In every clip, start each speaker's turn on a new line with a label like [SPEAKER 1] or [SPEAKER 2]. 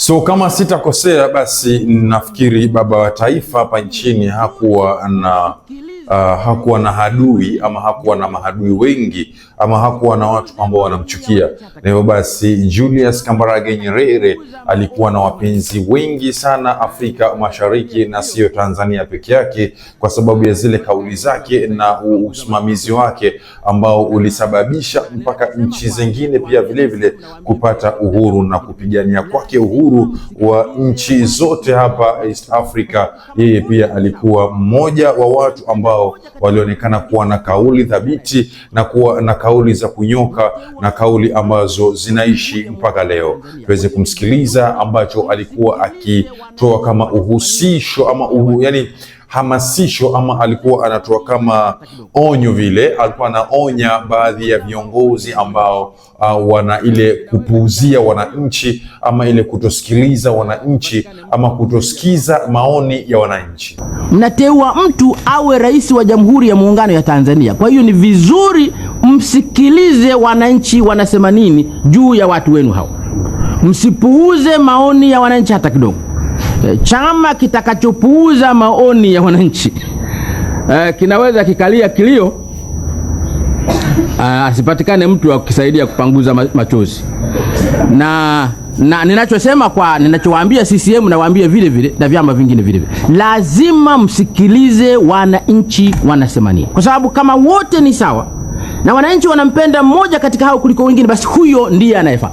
[SPEAKER 1] So kama sitakosea, basi nafikiri baba wa taifa hapa nchini hakuwa na uh, hakuwa na hadui ama hakuwa na mahadui wengi ama hakuwa na watu ambao wanamchukia. Na hivyo basi Julius Kambarage Nyerere alikuwa na wapenzi wengi sana Afrika Mashariki na siyo Tanzania peke yake, kwa sababu ya zile kauli zake na usimamizi wake ambao ulisababisha mpaka nchi zingine pia vilevile vile kupata uhuru na kupigania kwake uhuru wa nchi zote hapa East Africa. Yeye pia alikuwa mmoja wa watu ambao ambao walionekana kuwa na kauli thabiti na kuwa na kauli za kunyoka na kauli ambazo zinaishi mpaka leo. Tuweze kumsikiliza ambacho alikuwa akitoa kama uhusisho ama uhu, yani hamasisho ama alikuwa anatoa kama onyo vile, alikuwa anaonya baadhi ya viongozi ambao uh, wana ile kupuuzia wananchi ama ile kutosikiliza wananchi ama kutosikiza maoni ya wananchi.
[SPEAKER 2] Mnateua mtu awe rais wa Jamhuri ya Muungano ya Tanzania, kwa hiyo ni vizuri msikilize wananchi wanasema nini juu ya watu wenu hao, msipuuze maoni ya wananchi hata kidogo. Eh, chama kitakachopuuza maoni ya wananchi eh, kinaweza kikalia kilio eh, asipatikane mtu wa kusaidia kupanguza machozi na na ninachosema kwa ninachowaambia CCM nawaambia vile vile na vyama vingine vile vile, lazima msikilize wananchi wanasema nini, kwa sababu kama wote ni sawa na wananchi wanampenda mmoja katika hao kuliko wengine, basi huyo ndiye anayefaa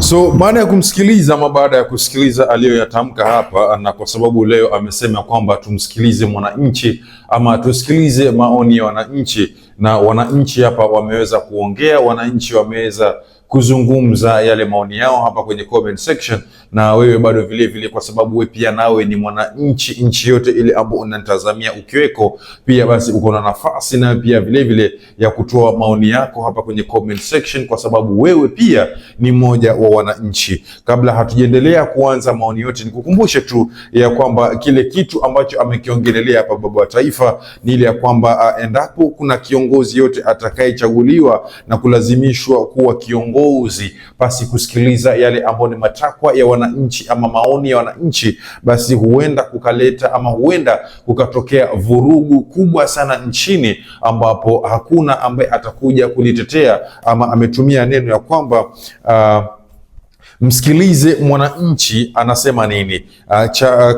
[SPEAKER 1] So baada ya kumsikiliza ama baada ya kusikiliza aliyoyatamka hapa, na kwa sababu leo amesema kwamba tumsikilize mwananchi ama tusikilize maoni ya wananchi, na wananchi hapa wameweza kuongea, wananchi wameweza kuzungumza yale maoni yao hapa kwenye comment section, na wewe bado vile vile, kwa sababu wewe pia nawe ni mwananchi nchi yote ile ambao unanitazamia ukiweko, pia basi uko na nafasi na pia vile vile ya kutoa maoni yako hapa kwenye comment section, kwa sababu wewe pia ni mmoja wa wananchi. Kabla hatujaendelea kuanza maoni yote, nikukumbushe tu ya kwamba kile kitu ambacho amekiongelelea hapa baba wa taifa ni ile ya kwamba ah, endapo kuna kiongozi yote atakayechaguliwa na kulazimishwa kuwa kiongozi uongozi pasi kusikiliza yale ambayo ni matakwa ya wananchi ama maoni ya wananchi, basi huenda kukaleta ama huenda kukatokea vurugu kubwa sana nchini, ambapo hakuna ambaye atakuja kulitetea ama ametumia neno ya kwamba uh, Msikilize mwananchi anasema nini. A, ah, cha,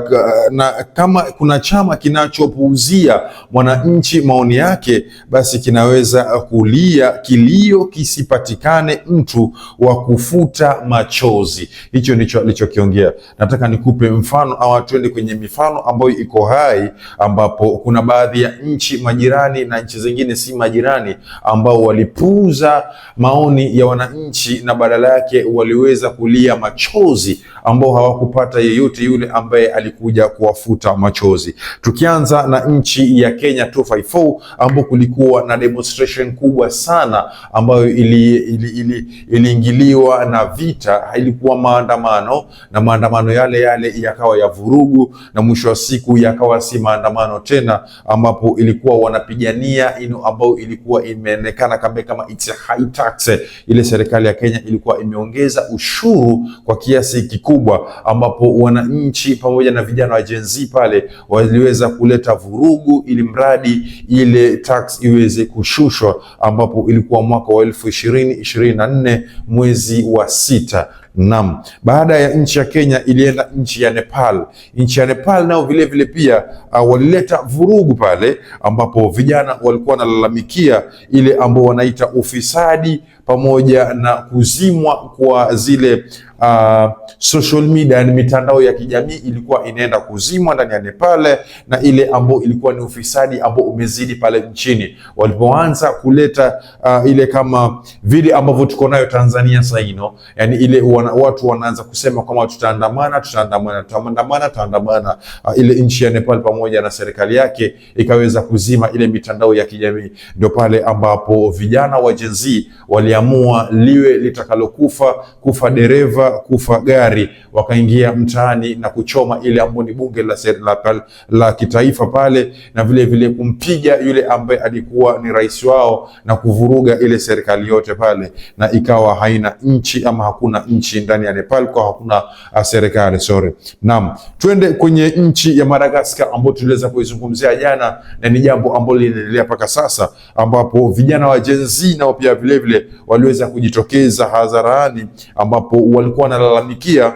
[SPEAKER 1] na kama kuna chama kinachopuuzia mwananchi maoni yake, basi kinaweza kulia kilio kisipatikane mtu wa kufuta machozi. Hicho ndicho alichokiongea. Nataka nikupe mfano au tuende kwenye mifano ambayo iko hai, ambapo kuna baadhi ya nchi majirani na nchi zingine si majirani ambao walipuuza maoni ya wananchi na badala yake waliweza kulia kulia machozi ambao hawakupata yeyote yule ambaye alikuja kuwafuta machozi. Tukianza na nchi ya Kenya 254 ambao kulikuwa na demonstration kubwa sana ambayo iliingiliwa ili, ili, ili na vita, ilikuwa maandamano na maandamano yale yale yakawa ya vurugu na mwisho wa siku yakawa si maandamano tena, ambapo ilikuwa wanapigania ino ambayo ilikuwa imeonekana kama it's a high tax. Ile serikali ya Kenya ilikuwa imeongeza ushuru suluhu kwa kiasi kikubwa, ambapo wananchi pamoja na vijana wa Gen Z pale waliweza kuleta vurugu, ili mradi ile tax iweze kushushwa, ambapo ilikuwa mwaka wa elfu ishirini ishirini na nne mwezi wa sita. Naam, baada ya nchi ya Kenya ilienda nchi ya Nepal. Nchi ya Nepal nao vilevile pia uh, walileta vurugu pale, ambapo vijana walikuwa wanalalamikia ile ambao wanaita ufisadi pamoja na kuzimwa kwa zile uh, social media, yani mitandao ya kijamii ilikuwa inaenda kuzimwa ndani ya Nepal, na ile ambao ilikuwa ni ufisadi ambao umezidi pale nchini, walipoanza kuleta uh, ile kama vile ambavyo tuko nayo Tanzania saino, yani ile wana, watu wanaanza kusema kama tutaandamana, tutaandamana, tutaandamana, tutaandamana. Uh, ile nchi ya Nepal pamoja na serikali yake ikaweza kuzima ile mitandao ya kijamii, ndio pale ambapo vijana wa Gen Z wali waliamua liwe litakalokufa, kufa dereva, kufa gari, wakaingia mtaani na kuchoma ile ambayo ni bunge la, la, la kitaifa pale, na vile vile kumpiga yule ambaye alikuwa ni rais wao na kuvuruga ile serikali yote pale, na ikawa haina nchi ama hakuna nchi ndani ya Nepal kwa hakuna ah, serikali sorry. Naam, twende kwenye nchi ya Madagascar ambayo tuliweza kuizungumzia jana na ni jambo ambalo linaendelea mpaka sasa ambapo vijana wa Gen Z nao pia vilevile waliweza kujitokeza hadharani, ambapo walikuwa wanalalamikia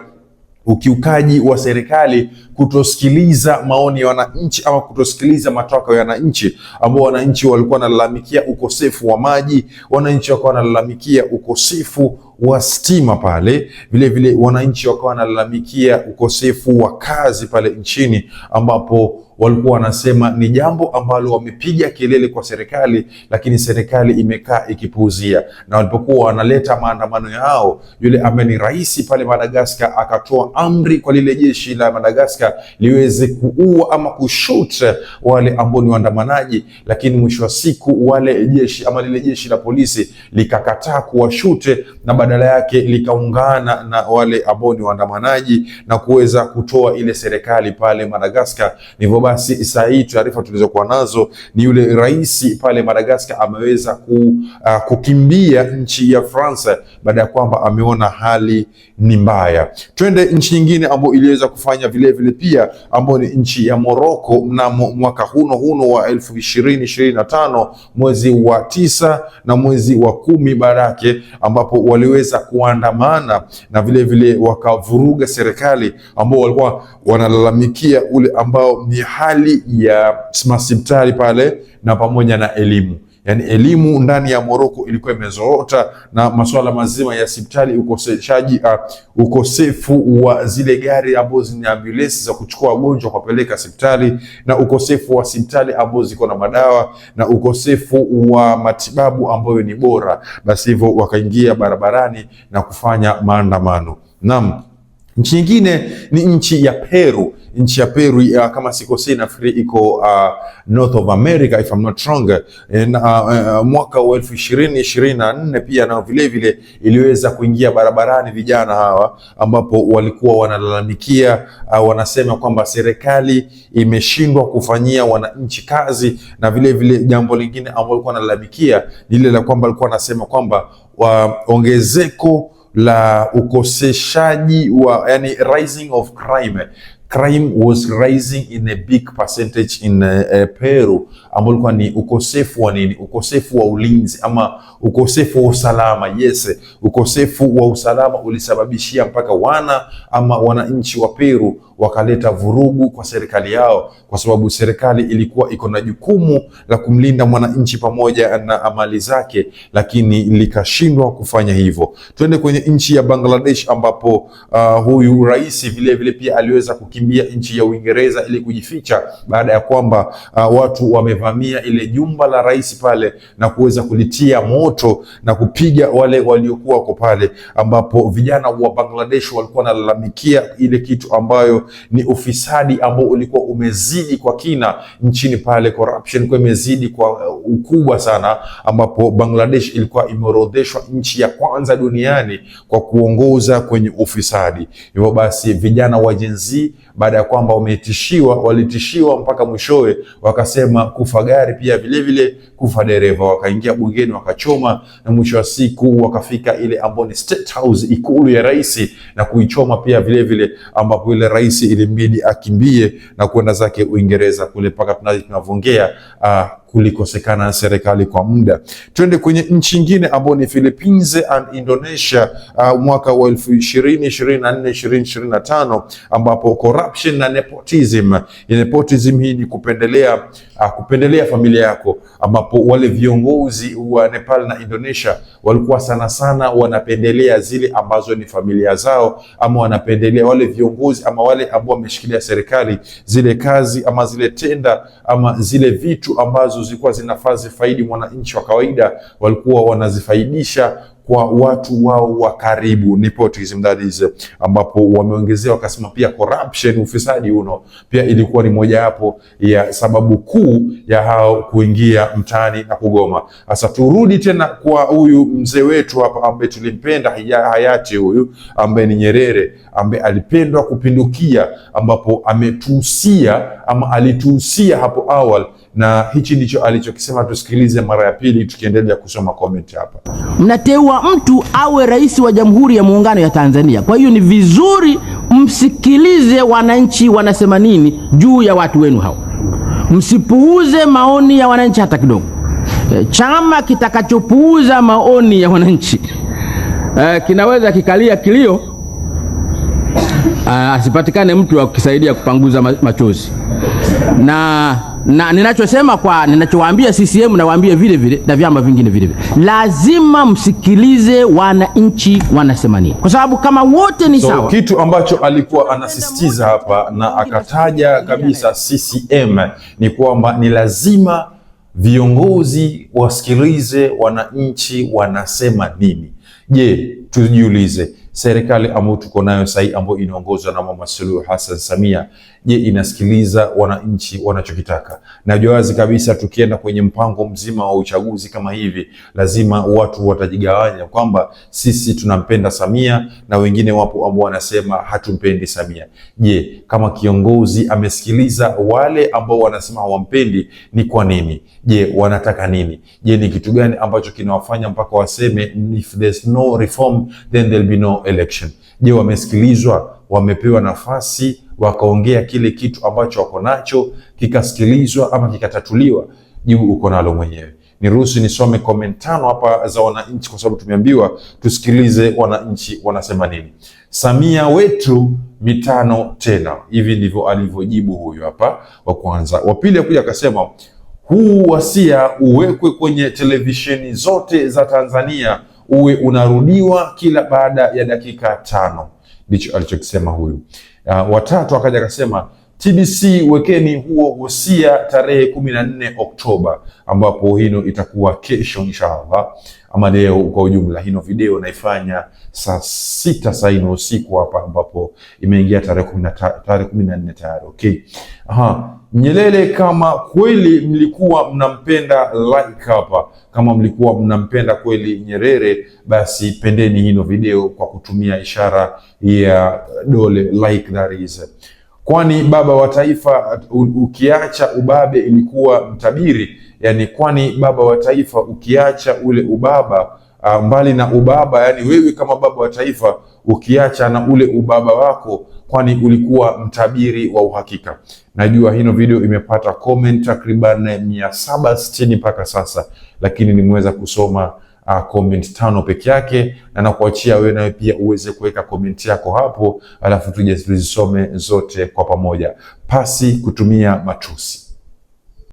[SPEAKER 1] ukiukaji wa serikali kutosikiliza maoni ya wananchi ama kutosikiliza matakwa ya wananchi, ambao wananchi walikuwa wanalalamikia ukosefu wa maji, wananchi wakawa wanalalamikia ukosefu wa stima pale, vilevile wananchi wakawa wanalalamikia ukosefu wa kazi pale nchini ambapo walikuwa wanasema ni jambo ambalo wamepiga kelele kwa serikali, lakini serikali imekaa ikipuuzia. Na walipokuwa wanaleta maandamano yao, yule ambaye ni rais pale Madagaskar akatoa amri kwa lile jeshi la Madagaskar liweze kuua ama kushut wale ambao ni waandamanaji, lakini mwisho wa siku wale jeshi ama lile jeshi la polisi likakataa kuwashute na badala yake likaungana na wale ambao ni waandamanaji na kuweza kutoa ile serikali pale Madagaskar basi saa hii taarifa tulizokuwa nazo ni yule rais pale Madagascar ameweza ku, uh, kukimbia nchi ya France baada ya kwamba ameona hali ni mbaya. Twende nchi nyingine ambayo iliweza kufanya vilevile pia ambayo ni nchi ya Morocco mnamo mwaka huno huno wa elfu ishirini ishirini na tano mwezi wa tisa na mwezi wa kumi baadake ambapo waliweza kuandamana na vilevile wakavuruga serikali ambao walikuwa wanalalamikia ule ambao ni hali ya masibtari pale na pamoja na elimu Yaani elimu ndani ya Moroko ilikuwa imezoota na masuala mazima ya sipitali ukoseshaji uh, ukosefu wa zile gari ambazo zina ambulensi za kuchukua wagonjwa kupeleka sipitali na ukosefu wa sipitali ambazo ziko na madawa na ukosefu wa matibabu ambayo ni bora. Basi hivyo wakaingia barabarani na kufanya maandamano. Naam, nchi nyingine ni nchi ya Peru nchi ya Peru uh, kama sikosei nafikiri iko uh, North of America if I'm not wrong e, na uh, uh, mwaka wa elfu ishirini ishirini na nne pia nao vilevile iliweza kuingia barabarani vijana hawa, ambapo walikuwa wanalalamikia uh, wanasema kwamba serikali imeshindwa kufanyia wananchi kazi, na vilevile jambo lingine ambalo walikuwa wanalalamikia ni lile la kwamba walikuwa wanasema kwamba ongezeko la ukoseshaji wa yani rising of crime crime was rising in a big percentage in uh, uh, Peru ambao ulikuwa ni ukosefu wa nini? Ukosefu wa ulinzi ama ukosefu wa usalama. Yes, ukosefu wa usalama ulisababishia mpaka wana ama wananchi wa Peru wakaleta vurugu kwa serikali yao, kwa sababu serikali ilikuwa iko na jukumu la kumlinda mwananchi pamoja na amali zake, lakini likashindwa kufanya hivyo. Twende kwenye nchi ya Bangladesh ambapo uh, huyu rais vile vile pia aliweza kukimbia nchi ya Uingereza ili kujificha baada ya kwamba uh, watu wamevamia ile jumba la rais pale na kuweza kulitia moto na kupiga wale waliokuwa pale, ambapo vijana wa Bangladesh walikuwa wanalalamikia ile kitu ambayo ni ufisadi ambao ulikuwa umezidi kwa kina nchini pale, corruption kwa imezidi kwa uh, ukubwa sana, ambapo Bangladesh ilikuwa imeorodheshwa nchi ya kwanza duniani kwa kuongoza kwenye ufisadi. Hivyo basi vijana wa Gen Z baada ya kwamba wametishiwa, walitishiwa mpaka mwishowe wakasema kufa gari pia vilevile kufa dereva, wakaingia bungeni wakachoma, na mwisho wa siku wakafika ile ambayo ni State House, ikulu ya rais, na kuichoma pia vilevile, ambapo ile rais ilimbidi akimbie na kwenda zake Uingereza kule, mpaka tunavyoongea uh, kulikosekana serikali kwa muda. Twende kwenye nchi nyingine ambayo ni Philippines and Indonesia, uh, mwaka wa 2024 2025 ambapo corruption na nepotism. Nepotism hii ni kupendelea, uh, kupendelea familia yako, ambapo wale viongozi wa Nepal na Indonesia walikuwa sana sana wanapendelea zile ambazo ni familia zao, ama wanapendelea wale viongozi ama wale ambao wameshikilia serikali, zile kazi ama zile tenda ama zile vitu ambazo zilikuwa zinafaa zifaidi mwananchi wa kawaida walikuwa wanazifaidisha kwa watu wao wa karibu, nepotism that is, ambapo wameongezea wakasema pia corruption, ufisadi uno pia ilikuwa ni mojawapo ya sababu kuu ya hao kuingia mtaani na kugoma. Sasa turudi tena kwa huyu mzee wetu hapa ambaye tulimpenda hayati huyu ambaye ni Nyerere, ambaye alipendwa kupindukia, ambapo ametuhusia ama alituhusia hapo awali na hichi ndicho alichokisema, tusikilize mara ya pili, tukiendelea kusoma comment hapa.
[SPEAKER 2] Mnateua mtu awe rais wa Jamhuri ya Muungano ya Tanzania, kwa hiyo ni vizuri msikilize wananchi wanasema nini juu ya watu wenu hao. Msipuuze maoni ya wananchi hata kidogo. Eh, chama kitakachopuuza maoni ya wananchi eh, kinaweza kikalia kilio, eh, asipatikane mtu wa kusaidia kupanguza machozi na na ninachosema kwa ninachowaambia CCM nawaambia vile vile na vyama vingine vile vile, lazima msikilize wananchi wanasema nini, kwa sababu kama wote ni so, sawa.
[SPEAKER 1] Kitu ambacho alikuwa anasisitiza hapa na akataja kabisa CCM ni kwamba ni lazima viongozi wasikilize wananchi wanasema nini. Je, tujiulize serikali ambayo tuko nayo sahii ambayo inaongozwa na Mama Suluhu Hassan Samia, je, inasikiliza wananchi wanachokitaka? Najua wazi kabisa tukienda kwenye mpango mzima wa uchaguzi kama hivi, lazima watu watajigawanya kwamba sisi tunampenda Samia na wengine wapo ambao wanasema hatumpendi Samia. Je, kama kiongozi amesikiliza wale ambao wanasema hawampendi, ni kwa nini? Je, wanataka nini? Je, ni kitu gani ambacho kinawafanya mpaka waseme if there's no reform then there'll be no election. Je, wamesikilizwa? Wamepewa nafasi wakaongea kile kitu ambacho wako nacho kikasikilizwa ama kikatatuliwa? Jibu uko nalo mwenyewe. Niruhusu nisome comment tano hapa za wananchi, kwa sababu tumeambiwa tusikilize wananchi wanasema nini. Samia wetu mitano tena, hivi ndivyo alivyojibu huyu hapa wa kwanza. Wa pili akuja akasema huu wasia uwekwe kwenye televisheni zote za Tanzania uwe unarudiwa kila baada ya dakika tano. Ndicho alichokisema huyu. Uh, watatu akaja akasema TBC wekeni huo husia tarehe kumi na nne Oktoba ambapo hino itakuwa kesho inshallah ama leo kwa ujumla. Hino video naifanya saa sita saa ino usiku hapa, ambapo imeingia tarehe kumi na nne tayari. Okay, aha. Nyerere, kama kweli mlikuwa mnampenda like hapa, kama mlikuwa mnampenda kweli Nyerere, basi pendeni hino video kwa kutumia ishara ya dole like that is kwani baba wa taifa ukiacha ubabe ilikuwa mtabiri yani, kwani baba wa taifa ukiacha ule ubaba uh, mbali na ubaba, yani wewe kama baba wa taifa ukiacha na ule ubaba wako, kwani ulikuwa mtabiri wa uhakika. Najua hino video imepata comment takriban mia saba sitini mpaka sasa, lakini nimeweza kusoma Uh, comment tano peke yake, na nakuachia wewe nawe pia uweze kuweka comment yako hapo, alafu tuje tuzisome zote kwa pamoja pasi kutumia matusi.